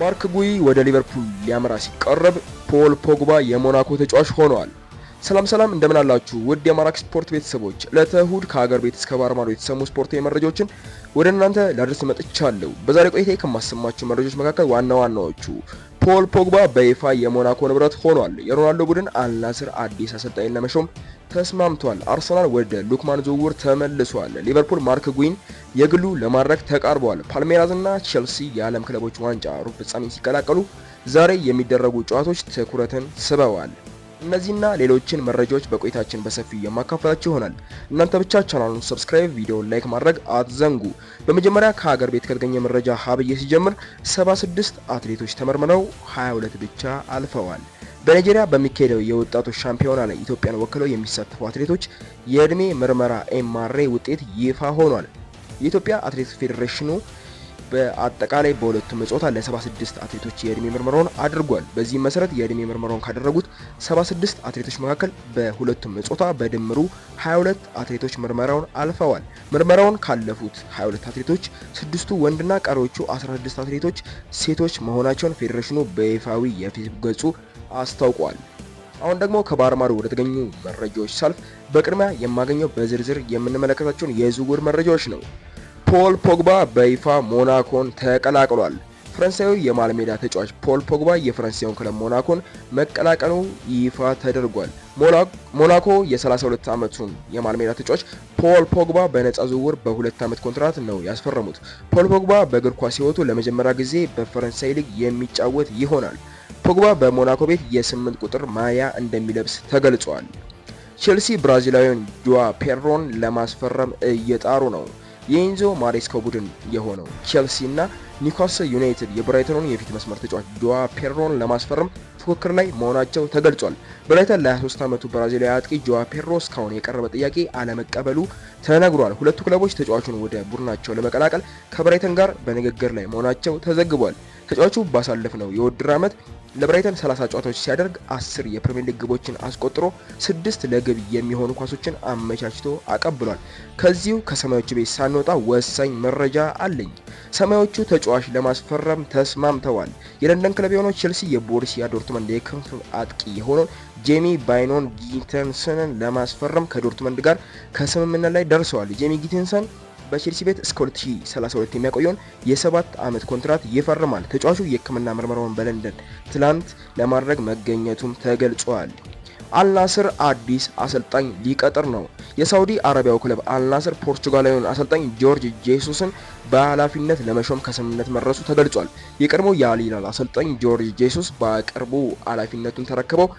ማርክ ጉይ ወደ ሊቨርፑል ሊያመራ ሲቀረብ ፖል ፖግባ የሞናኮ ተጫዋች ሆኗል። ሰላም ሰላም፣ እንደምን አላችሁ ውድ የማራክ ስፖርት ቤተሰቦች፣ ዕለተ እሁድ ከሀገር ቤት እስከ ባህር ማዶ የተሰሙ ስፖርታዊ መረጃዎችን ወደ እናንተ ላደርስ መጥቻለሁ። በዛሬ ቆይታ ከማሰማችሁ መረጃዎች መካከል ዋና ዋናዎቹ ፖል ፖግባ በይፋ የሞናኮ ንብረት ሆኗል። የሮናልዶ ቡድን አልናስር አዲስ አሰልጣኝ ለመሾም ተስማምቷል። አርሰናል ወደ ሉክማን ዝውውር ተመልሷል። ሊቨርፑል ማርክ ጉዊን የግሉ ለማድረግ ተቃርበዋል። ፓልሜራስና ቼልሲ የዓለም ክለቦች ዋንጫ ሩብ ፍጻሜ ሲቀላቀሉ ዛሬ የሚደረጉ ጨዋታዎች ትኩረትን ስበዋል። እነዚህና ሌሎችን መረጃዎች በቆይታችን በሰፊው የማካፈላችሁ ይሆናል። እናንተ ብቻ ቻናሉን ሰብስክራይብ፣ ቪዲዮን ላይክ ማድረግ አትዘንጉ። በመጀመሪያ ከሀገር ቤት ከተገኘ መረጃ ሀብዬ ሲጀምር 76 አትሌቶች ተመርምረው 22 ብቻ አልፈዋል። በናይጄሪያ በሚካሄደው የወጣቶች ሻምፒዮና ላይ ኢትዮጵያን ወክለው የሚሳተፉ አትሌቶች የእድሜ ምርመራ ኤምአርኤ ውጤት ይፋ ሆኗል። የኢትዮጵያ አትሌቲክስ ፌዴሬሽኑ በአጠቃላይ በሁለቱም እጾታ ለ76 አትሌቶች የእድሜ ምርመራውን አድርጓል። በዚህም መሰረት የእድሜ ምርመራውን ካደረጉት 76 አትሌቶች መካከል በሁለቱም እጾታ በድምሩ 22 አትሌቶች ምርመራውን አልፈዋል። ምርመራውን ካለፉት 22 አትሌቶች ስድስቱ ወንድና ቀሪዎቹ 16 አትሌቶች ሴቶች መሆናቸውን ፌዴሬሽኑ በይፋዊ የፌስቡክ ገጹ አስታውቋል። አሁን ደግሞ ከባህር ማዶ ወደ ተገኙ መረጃዎች ሳልፍ በቅድሚያ የማገኘው በዝርዝር የምንመለከታቸውን የዝውውር መረጃዎች ነው። ፖል ፖግባ በይፋ ሞናኮን ተቀላቅሏል። ፈረንሳዊ የመሃል ሜዳ ተጫዋች ፖል ፖግባ የፈረንሳዩን ክለብ ሞናኮን መቀላቀሉ ይፋ ተደርጓል። ሞናኮ የ32 ዓመቱን የመሃል ሜዳ ተጫዋች ፖል ፖግባ በነፃ ዝውውር በሁለት ዓመት ኮንትራት ነው ያስፈረሙት። ፖል ፖግባ በእግር ኳስ ሕይወቱ ለመጀመሪያ ጊዜ በፈረንሳይ ሊግ የሚጫወት ይሆናል። ፖግባ በሞናኮ ቤት የ8 ቁጥር ማያ እንደሚለብስ ተገልጿል። ቼልሲ ብራዚላዊውን ጁዋ ፔድሮን ለማስፈረም እየጣሩ ነው። የኢንዞ ማሬስካ ቡድን የሆነው እና ኒውካስል ዩናይትድ የብራይተኑን የፊት መስመር ተጫዋች ጆዋ ፔሮን ለማስፈረም ፉክክር ላይ መሆናቸው ተገልጿል። ብራይተን ለ23 ዓመቱ ብራዚላዊ አጥቂ ጆዋ ፔሮ እስካሁን የቀረበ ጥያቄ አለመቀበሉ ተነግሯል። ሁለቱ ክለቦች ተጫዋቹን ወደ ቡድናቸው ለመቀላቀል ከብራይተን ጋር በንግግር ላይ መሆናቸው ተዘግቧል። ተጫዋቹ ነው የውድድር ዓመት ለብራይተን 30 ጨዋታዎች ሲያደርግ 10 የፕሪሚየር ሊግ ግቦችን አስቆጥሮ 6 ለግብ የሚሆኑ ኳሶችን አመቻችቶ አቀብሏል። ከዚሁ ከሰማዮቹ ቤት ሳንወጣ ወሳኝ መረጃ አለኝ። ሰማዮቹ ተጫዋች ለማስፈረም ተስማምተዋል። የለንደን ክለብ የሆነው ቼልሲ የቦሩሲያ ዶርትመንድ የክንፍ አጥቂ የሆነውን ጄሚ ባይኖን ጊተንሰንን ለማስፈረም ከዶርትመንድ ጋር ከስምምነት ላይ ደርሰዋል። ጄሚ ጊተንሰን በቼልሲ ቤት እስከ 2032 የሚያቆየውን የሰባት ዓመት ኮንትራት ይፈርማል። ተጫዋቹ የሕክምና ምርመራውን በለንደን ትላንት ለማድረግ መገኘቱም ተገልጿል። አልናስር አዲስ አሰልጣኝ ሊቀጥር ነው። የሳውዲ አረቢያው ክለብ አልናስር ፖርቹጋላዊውን አሰልጣኝ ጆርጅ ጄሱስን በኃላፊነት ለመሾም ከስምምነት መድረሱ ተገልጿል። የቀድሞው የአልሂላል አሰልጣኝ ጆርጅ ጄሱስ በቅርቡ ኃላፊነቱን ተረክበው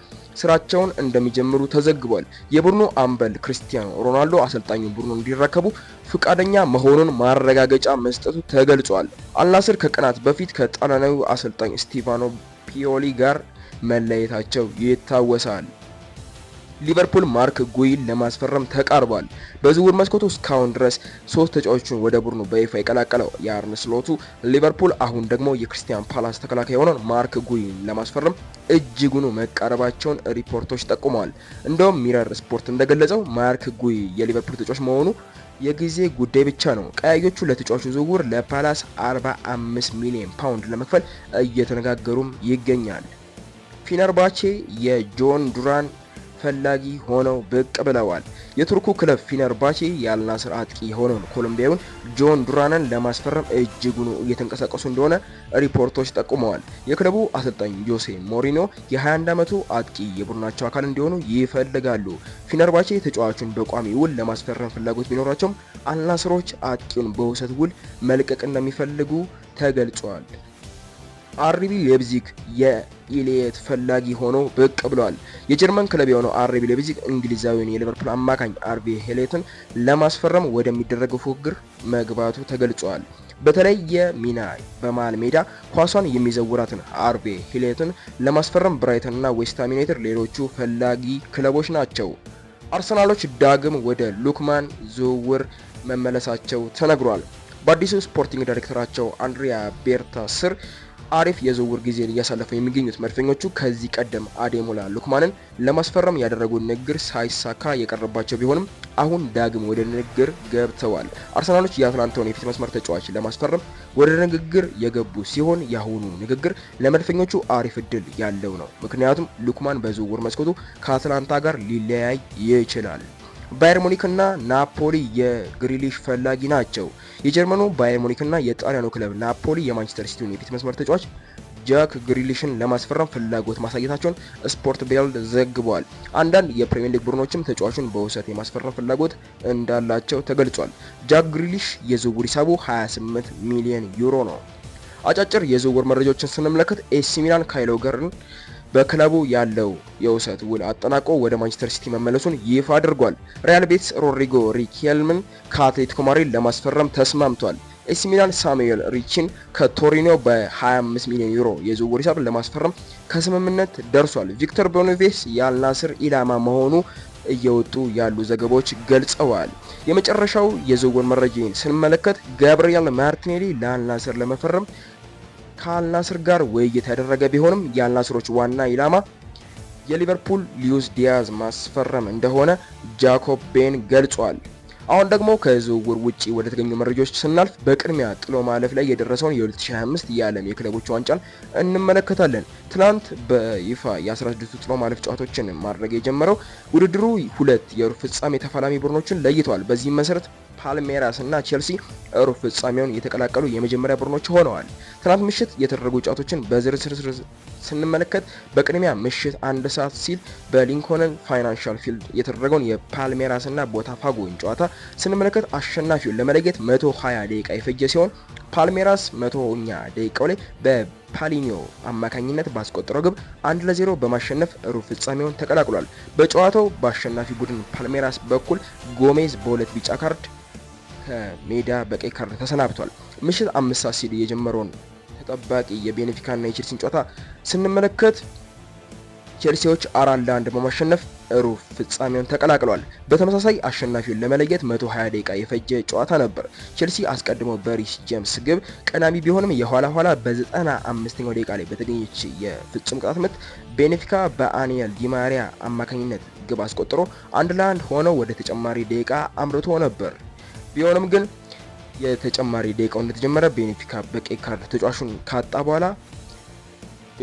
ስራቸውን እንደሚጀምሩ ተዘግቧል። የቡድኑ አምበል ክርስቲያኖ ሮናልዶ አሰልጣኙ ቡድኑን እንዲረከቡ ፍቃደኛ መሆኑን ማረጋገጫ መስጠቱ ተገልጿል። አልናስር ከቀናት በፊት ከጣሊያናዊ አሰልጣኝ ስቲቫኖ ፒዮሊ ጋር መለየታቸው ይታወሳል። ሊቨርፑል ማርክ ጉይን ለማስፈረም ተቃርቧል። በዝውውር መስኮቱ እስካሁን ድረስ ሶስት ተጫዋቾችን ወደ ቡድኑ በይፋ የቀላቀለው የአርነ ስሎቱ ሊቨርፑል አሁን ደግሞ የክርስቲያን ፓላስ ተከላካይ የሆነውን ማርክ ጉይን ለማስፈረም እጅጉኑ መቃረባቸውን ሪፖርቶች ጠቁመዋል። እንደውም ሚረር ስፖርት እንደገለጸው ማርክ ጉይ የሊቨርፑል ተጫዋች መሆኑ የጊዜ ጉዳይ ብቻ ነው። ቀያዮቹ ለተጫዋቹ ዝውውር ለፓላስ 45 ሚሊዮን ፓውንድ ለመክፈል እየተነጋገሩም ይገኛል። ፊነርባቼ የጆን ዱራን ፈላጊ ሆነው ብቅ ብለዋል። የቱርኩ ክለብ ፊነርባቼ የአልናስር አጥቂ የሆነውን ኮሎምቢያውን ጆን ዱራንን ለማስፈረም እጅጉኑ እየተንቀሳቀሱ እንደሆነ ሪፖርቶች ጠቁመዋል። የክለቡ አሰልጣኝ ጆሴ ሞሪኖ የ21 ዓመቱ አጥቂ የቡድናቸው አካል እንዲሆኑ ይፈልጋሉ። ፊነርባቼ ተጫዋቹን በቋሚ ውል ለማስፈረም ፍላጎት ቢኖራቸውም አልናስሮች አጥቂውን በውሰት ውል መልቀቅ እንደሚፈልጉ ተገልጿል። አርቢ ሌብዚግ የኢሊየት ፈላጊ ሆኖ ብቅ ብሏል። የጀርመን ክለብ የሆነው አርቢ ሌብዚግ እንግሊዛዊውን የሊቨርፑል አማካኝ አርቢ ሄሌትን ለማስፈረም ወደሚደረገው ፉክክር መግባቱ ተገልጿል። በተለየ ሚና በመሃል ሜዳ ኳሷን የሚዘውራትን አርቢ ሄሌትን ለማስፈረም ብራይተንና ዌስትሃም ዩናይትድ ሌሎቹ ፈላጊ ክለቦች ናቸው። አርሰናሎች ዳግም ወደ ሉክማን ዝውውር መመለሳቸው ተነግሯል። በአዲሱ ስፖርቲንግ ዳይሬክተራቸው አንድሪያ ቤርታ ስር አሪፍ የዝውውር ጊዜን እያሳለፈ የሚገኙት መድፈኞቹ ከዚህ ቀደም አዴሞላ ሉክማንን ለማስፈረም ያደረጉት ንግግር ሳይሳካ የቀረባቸው ቢሆንም አሁን ዳግም ወደ ንግግር ገብተዋል። አርሰናሎች የአትላንታውን የፊት መስመር ተጫዋች ለማስፈረም ወደ ንግግር የገቡ ሲሆን የአሁኑ ንግግር ለመድፈኞቹ አሪፍ እድል ያለው ነው። ምክንያቱም ሉክማን በዝውውር መስኮቱ ከአትላንታ ጋር ሊለያይ ይችላል። ባየር ሙኒክና ናፖሊ የግሪሊሽ ፈላጊ ናቸው። የጀርመኑ ባየር ሙኒክና የጣሊያኑ ክለብ ናፖሊ የማንቸስተር ሲቲውን የፊት መስመር ተጫዋች ጃክ ግሪሊሽን ለማስፈረም ፍላጎት ማሳየታቸውን ስፖርት ቤልድ ዘግቧል። አንዳንድ የፕሪሚየር ሊግ ቡድኖችም ተጫዋቹን በውሰት የማስፈረም ፍላጎት እንዳላቸው ተገልጿል። ጃክ ግሪሊሽ የዝውውር ሂሳቡ 28 ሚሊዮን ዩሮ ነው። አጫጭር የዝውውር መረጃዎችን ስንመለከት ኤሲ ሚላን ካይሎ ገርን በክለቡ ያለው የውሰት ውል አጠናቆ ወደ ማንቸስተር ሲቲ መመለሱን ይፋ አድርጓል። ሪያል ቤትስ ሮድሪጎ ሪኬልምን ከአትሌቲኮ ማድሪድ ለማስፈረም ተስማምቷል። ኤሲ ሚላን ሳሙኤል ሪቺን ከቶሪኖ በ25 ሚሊዮን ዩሮ የዝውውር ሂሳብ ለማስፈረም ከስምምነት ደርሷል። ቪክተር ቦኒቬስ የአልናስር ኢላማ መሆኑ እየወጡ ያሉ ዘገባዎች ገልጸዋል። የመጨረሻው የዝውውር መረጃን ስንመለከት ገብርኤል ማርቲኔሊ ለአልናስር ለመፈረም ከአልናስር ጋር ውይይት ያደረገ ቢሆንም የአልናስሮች ዋና ኢላማ የሊቨርፑል ሊዩስ ዲያዝ ማስፈረም እንደሆነ ጃኮብ ቤን ገልጿል። አሁን ደግሞ ከዝውውር ውጪ ወደ ተገኙ መረጃዎች ስናልፍ በቅድሚያ ጥሎ ማለፍ ላይ የደረሰውን የ2025 የዓለም የክለቦች ዋንጫን እንመለከታለን። ትናንት በይፋ የ16ቱ ጥሎ ማለፍ ጨዋታዎችን ማድረግ የጀመረው ውድድሩ ሁለት የሩብ ፍጻሜ ተፋላሚ ቡድኖችን ለይተዋል በዚህም መሰረት ፓልሜራስ እና ቼልሲ ሩብ ፍጻሜውን የተቀላቀሉ የመጀመሪያ ቡድኖች ሆነዋል። ትናንት ምሽት የተደረጉ ጨዋታዎችን በዝርዝር ስንመለከት በቅድሚያ ምሽት አንድ ሰዓት ሲል በሊንኮንን ፋይናንሻል ፊልድ የተደረገውን የፓልሜራስ እና ቦታፋጎን ጨዋታ ስንመለከት አሸናፊውን ለመለየት 120 ደቂቃ የፈጀ ሲሆን ፓልሜራስ መቶኛ ደቂቃው ላይ በፓሊኒዮ አማካኝነት ባስቆጠረው ግብ አንድ ለዜሮ በማሸነፍ ሩብ ፍጻሜውን ተቀላቅሏል። በጨዋታው በአሸናፊ ቡድን ፓልሜራስ በኩል ጎሜዝ በሁለት ቢጫ ካርድ ከሜዳ በቀይ ካርድ ተሰናብቷል። ምሽት አምስት ሰዓት ሲል የጀመረውን ተጠባቂ የቤኔፊካና የቼልሲን ጨዋታ ስንመለከት ቼልሲዎች አራት ለአንድ በማሸነፍ ሩብ ፍጻሜውን ተቀላቅሏል። በተመሳሳይ አሸናፊውን ለመለየት 120 ደቂቃ የፈጀ ጨዋታ ነበር። ቼልሲ አስቀድሞ በሪስ ጄምስ ግብ ቀዳሚ ቢሆንም የኋላ ኋላ በ95ኛው ደቂቃ ላይ በተገኘች የፍጹም ቅጣት ምት ቤኔፊካ በአኒየል ዲማሪያ አማካኝነት ግብ አስቆጥሮ አንድ ለአንድ ሆነው ወደ ተጨማሪ ደቂቃ አምርቶ ነበር። ቢሆንም ግን የተጨማሪ ደቂቃው እንደተጀመረ ቤኔፊካ በቀይ ካርድ ተጫዋቹን ካጣ በኋላ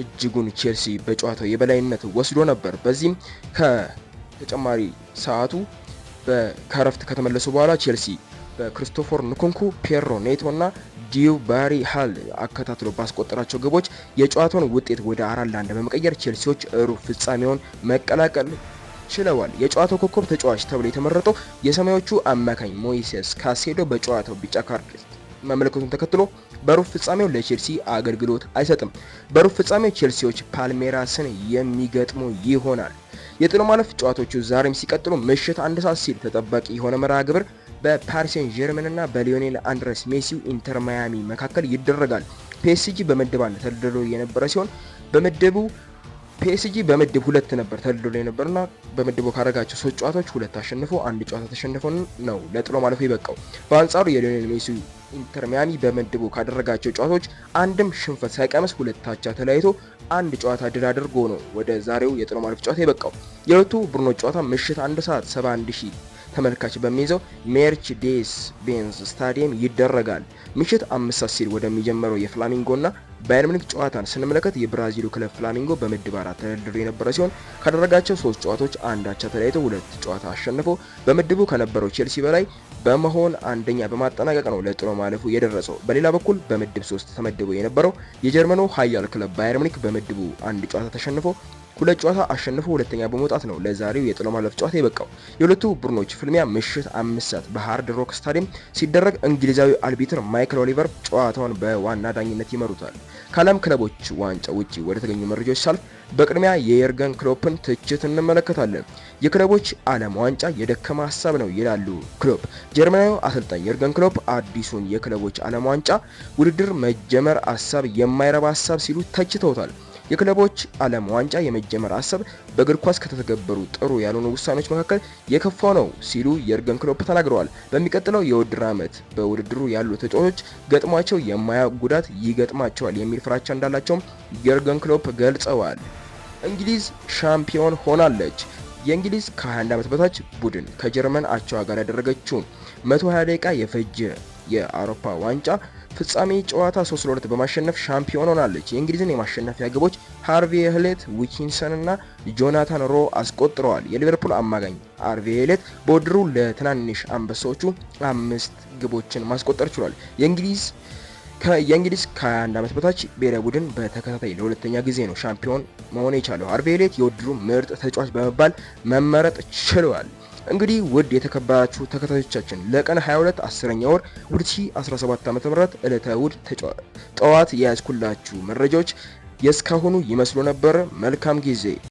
እጅጉን ቼልሲ በጨዋታው የበላይነት ወስዶ ነበር። በዚህም ከተጨማሪ ሰዓቱ ከረፍት ከተመለሱ በኋላ ቼልሲ በክሪስቶፈር ንኩንኩ፣ ፔሮ ኔቶ እና ዲዩ ባሪ ሃል አከታትሎ ባስቆጠራቸው ግቦች የጨዋታውን ውጤት ወደ አራት ለአንድ በመቀየር ቼልሲዎች ሩብ ፍጻሜውን መቀላቀል ችለዋል። የጨዋታው ኮከብ ተጫዋች ተብሎ የተመረጠው የሰማዮቹ አማካኝ ሞይሴስ ካሴዶ በጨዋታው ቢጫ ካርድ መመልከቱን ተከትሎ በሩብ ፍጻሜው ለቼልሲ አገልግሎት አይሰጥም። በሩብ ፍጻሜው ቼልሲዎች ፓልሜራስን የሚገጥሙ ይሆናል። የጥሎ ማለፍ ጨዋታዎቹ ዛሬም ሲቀጥሉ ምሽት አንድ ሰዓት ሲል ተጠባቂ የሆነ መርሃ ግብር በፓሪስ ሴን ጀርመን እና በሊዮኔል አንድረስ ሜሲው ኢንተር ማያሚ መካከል ይደረጋል። ፒኤስጂ በምድብ አንድ ተደርድሮ የነበረ ሲሆን በምድቡ ፒኤስጂ በምድብ ሁለት ነበር ተልድሎ የነበርና በምድቡ ካረጋቸው ሶስት ጨዋታዎች ሁለት አሸንፎ አንድ ጨዋታ ተሸንፎ ነው ለጥሎ ማለፉ የበቃው። በአንጻሩ የሊዮኔል ሜሲ ኢንተር ሚያሚ በምድቡ ካደረጋቸው ጨዋታዎች አንድም ሽንፈት ሳይቀመስ ሁለታቻ ተለያይቶ አንድ ጨዋታ ድል አድርጎ ነው ወደ ዛሬው የጥሎ ማለፍ ጨዋታ የበቃው። የሁለቱ ቡድኖች ጨዋታ ምሽት አንድ ሰዓት 71 ሺህ ተመልካች በሚይዘው ሜርች ዴስ ቤንዝ ስታዲየም ይደረጋል። ምሽት አምስት ሰዓት ሲል ወደሚጀምረው የፍላሚንጎና ባየር ሙኒክ ጨዋታን ስንመለከት የብራዚሉ ክለብ ፍላሚንጎ በምድብ አራት ተደርድሮ የነበረ ሲሆን ካደረጋቸው ሶስት ጨዋታዎች አንድ ተለያይቶ ሁለት ጨዋታ አሸንፎ በምድቡ ከነበረው ቼልሲ በላይ በመሆን አንደኛ በማጠናቀቅ ነው ለጥሎ ማለፉ የደረሰው። በሌላ በኩል በምድብ ሶስት ተመድቦ የነበረው የጀርመኑ ኃያል ክለብ ባየር ሙኒክ በምድቡ አንድ ጨዋታ ተሸንፎ ሁለት ጨዋታ አሸንፎ ሁለተኛ በመውጣት ነው ለዛሬው የጥሎ ማለፍ ጨዋታ የበቃው። የሁለቱ ቡድኖች ፍልሚያ ምሽት አምስት ሰዓት በሃርድ ሮክ ስታዲየም ሲደረግ እንግሊዛዊ አልቢትር ማይክል ኦሊቨር ጨዋታውን በዋና ዳኝነት ይመሩታል። ከዓለም ክለቦች ዋንጫ ውጪ ወደ ተገኙ መረጃዎች ሳልፍ በቅድሚያ የየርገን ክሎፕን ትችት እንመለከታለን። የክለቦች ዓለም ዋንጫ የደከመ ሀሳብ ነው ይላሉ ክሎፕ። ጀርመናዊ አሰልጣኝ የርገን ክሎፕ አዲሱን የክለቦች ዓለም ዋንጫ ውድድር መጀመር ሀሳብ የማይረባ ሀሳብ ሲሉ ተችተውታል። የክለቦች ዓለም ዋንጫ የመጀመር ሀሳብ በእግር ኳስ ከተተገበሩ ጥሩ ያልሆኑ ውሳኔዎች መካከል የከፋ ነው ሲሉ የርገን ክሎፕ ተናግረዋል። በሚቀጥለው የውድድር ዓመት በውድድሩ ያሉ ተጫዋቾች ገጥሟቸው የማያ ጉዳት ይገጥማቸዋል የሚል ፍራቻ እንዳላቸውም የርገን ክሎፕ ገልጸዋል። እንግሊዝ ሻምፒዮን ሆናለች። የእንግሊዝ ከ21 ዓመት በታች ቡድን ከጀርመን አቻዋ ጋር ያደረገችውን 120 ደቂቃ የፈጀ የአውሮፓ ዋንጫ ፍጻሜ ጨዋታ 3 ለ2 በማሸነፍ ሻምፒዮን ሆናለች። የእንግሊዝን የማሸነፊያ ግቦች ሃርቪ ሄሌት፣ ዊኪንሰን እና ጆናታን ሮ አስቆጥረዋል። የሊቨርፑል አማጋኝ ሃርቪ ሄሌት በውድድሩ ለትናንሽ አንበሳዎቹ አምስት ግቦችን ማስቆጠር ችሏል። የእንግሊዝ የእንግሊዝ ከ21 ዓመት በታች ብሔራዊ ቡድን በተከታታይ ለሁለተኛ ጊዜ ነው ሻምፒዮን መሆን የቻለው። ሃርቪ ሄሌት የውድድሩ ምርጥ ተጫዋች በመባል መመረጥ ችሏል። እንግዲህ ውድ የተከበራችሁ ተከታዮቻችን ለቀን 22 10ኛ ወር 2017 ዓ.ም ዕለተ እሁድ ጠዋት የያዝኩላችሁ መረጃዎች የእስካሁኑ ይመስሉ ነበር። መልካም ጊዜ